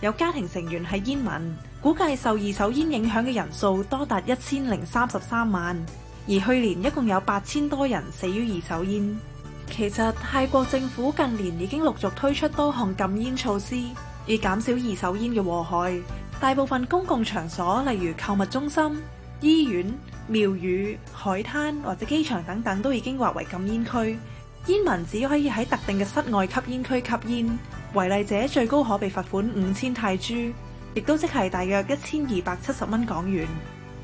有家庭成員係煙民，估計受二手煙影響嘅人數多達一千零三十三萬，而去年一共有八千多人死於二手煙。其實，泰國政府近年已經陸續推出多項禁煙措施，以減少二手煙嘅禍害。大部分公共場所，例如購物中心、醫院、廟宇、海灘或者機場等等，都已經劃為禁煙區。煙民只可以喺特定嘅室外吸煙區吸煙，違例者最高可被罰款五千泰銖，亦都即係大約一千二百七十蚊港元。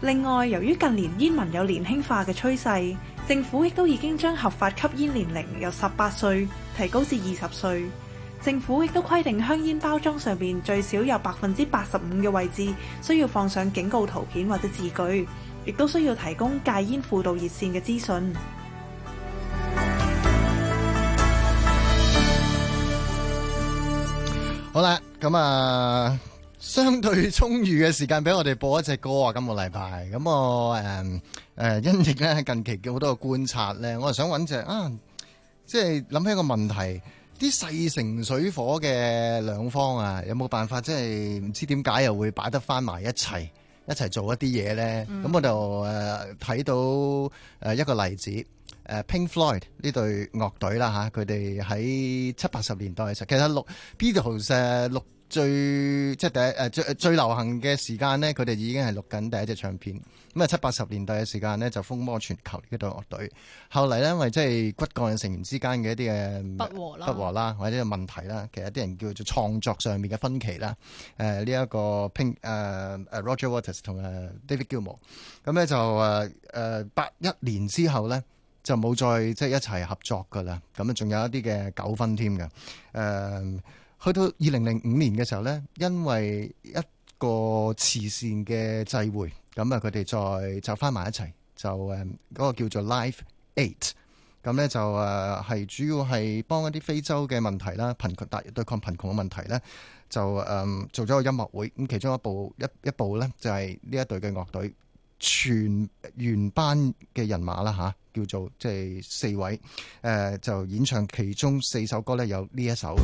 另外，由於近年煙民有年輕化嘅趨勢，政府亦都已經將合法吸煙年齡由十八歲提高至二十歲。政府亦都規定香煙包裝上面最少有百分之八十五嘅位置需要放上警告圖片或者字句，亦都需要提供戒煙輔導熱線嘅資訊。好啦，咁啊相對充裕嘅時間俾我哋播一隻歌啊！今個禮拜咁我誒誒、呃，因應咧近期嘅好多嘅觀察咧，我就想揾隻啊，即係諗起一個問題，啲勢成水火嘅兩方啊，有冇辦法即係唔知點解又會擺得返埋一齊，一齊做一啲嘢咧？咁、嗯、我就誒睇、呃、到誒一個例子。誒 Pink Floyd 呢隊樂隊啦嚇，佢哋喺七八十年代嘅時候，其實錄 B 條石錄最即係第一誒最最流行嘅時間咧，佢哋已經係錄緊第一隻唱片。咁啊七八十年代嘅時間咧，就風靡全球呢隊樂隊。後嚟咧，因為即係骨幹嘅成員之間嘅一啲嘅不和啦，不和啦，或者問題啦，其實一啲人叫做創作上面嘅分歧啦。誒呢一個 Pink 誒誒 Roger Waters 同誒 David Gilmour，咁咧就誒誒八一年之後咧。就冇再即係一齊合作噶啦，咁啊仲有一啲嘅糾紛添嘅、呃。去到二零零五年嘅時候呢，因為一個慈善嘅祭會，咁啊佢哋再走翻埋一齊，就嗰、那個叫做 Live 8，咁呢就係、呃、主要係幫一啲非洲嘅問題啦，貧窮，達對抗貧窮嘅問題呢，就、呃、做咗個音樂會。咁其中一部一一部呢就係呢一隊嘅樂隊。全原班嘅人馬啦吓、啊、叫做即係四位，誒、呃、就演唱其中四首歌咧，有呢一首，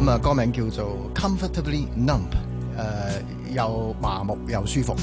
咁啊、 嗯、歌名叫做 Comfortably Numb，誒、呃、又麻木又舒服。